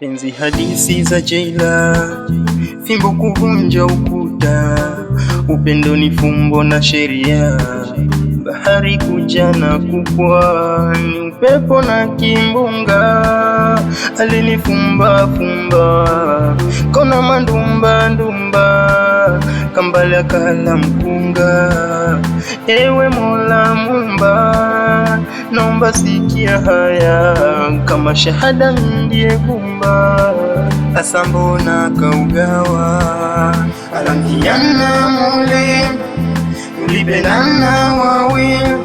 penzi hadisi za jela, fimbo kuvunja ukuta, upendo ni fumbo na sheria, bahari kuja na kupwa, ni upepo na kimbunga, alinifumba fumba kona mandumba ndumba, kambale akala mkunga, ewe Mola Mumba nomba sikia haya, kama shahada ndiye gumba, asambo na kaugawa alangiana mule ulibenana wawili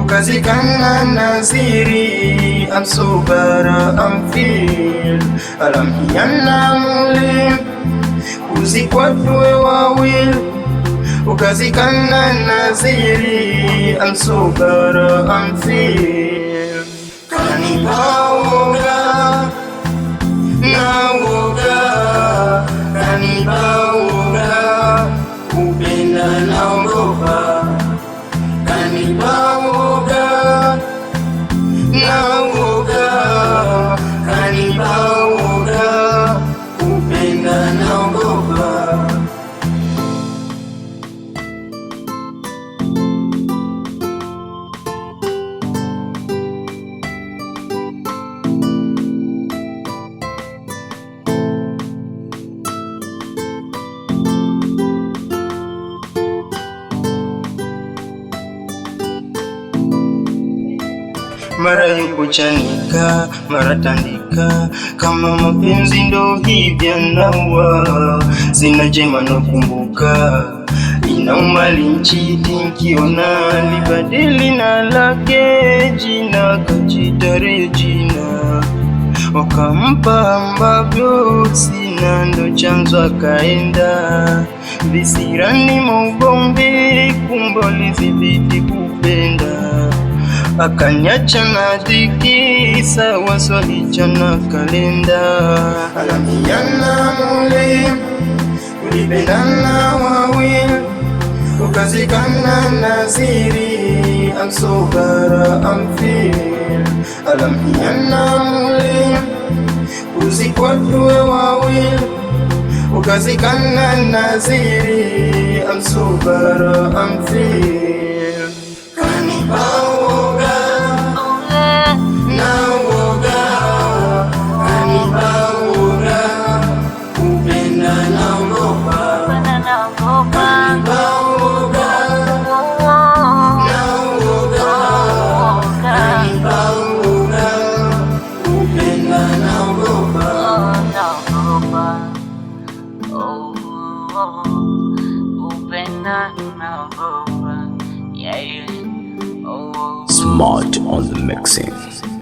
ukazikana naziri amsobara amfil alangiana mule uzikwatwe wawili ukazikana naziri ansubara amfir kanibaoga naoga kanibaoga upenda naogopa kanibaoga naoga kanibaoga mara yuko chanika, mara tandika, kama mapenzi ndo hivya nawa zina jema ina inaumali nchiti nkiona libadili na lake jina kajitare jina wakampa ambavyo sina, ndo chanzo akaenda visirani maugombi, kumbo lizibiti kufa Akaniacha na dhiki sawa swalicha na kalenda alamiana mule ulipendana wawili ukazikana na siri amsobara amfil alamiana mule uzikwatue wawili ukazikana na siri amsobara amfil Oh, oh, open up, yeah. Oh, Smart on the mixing.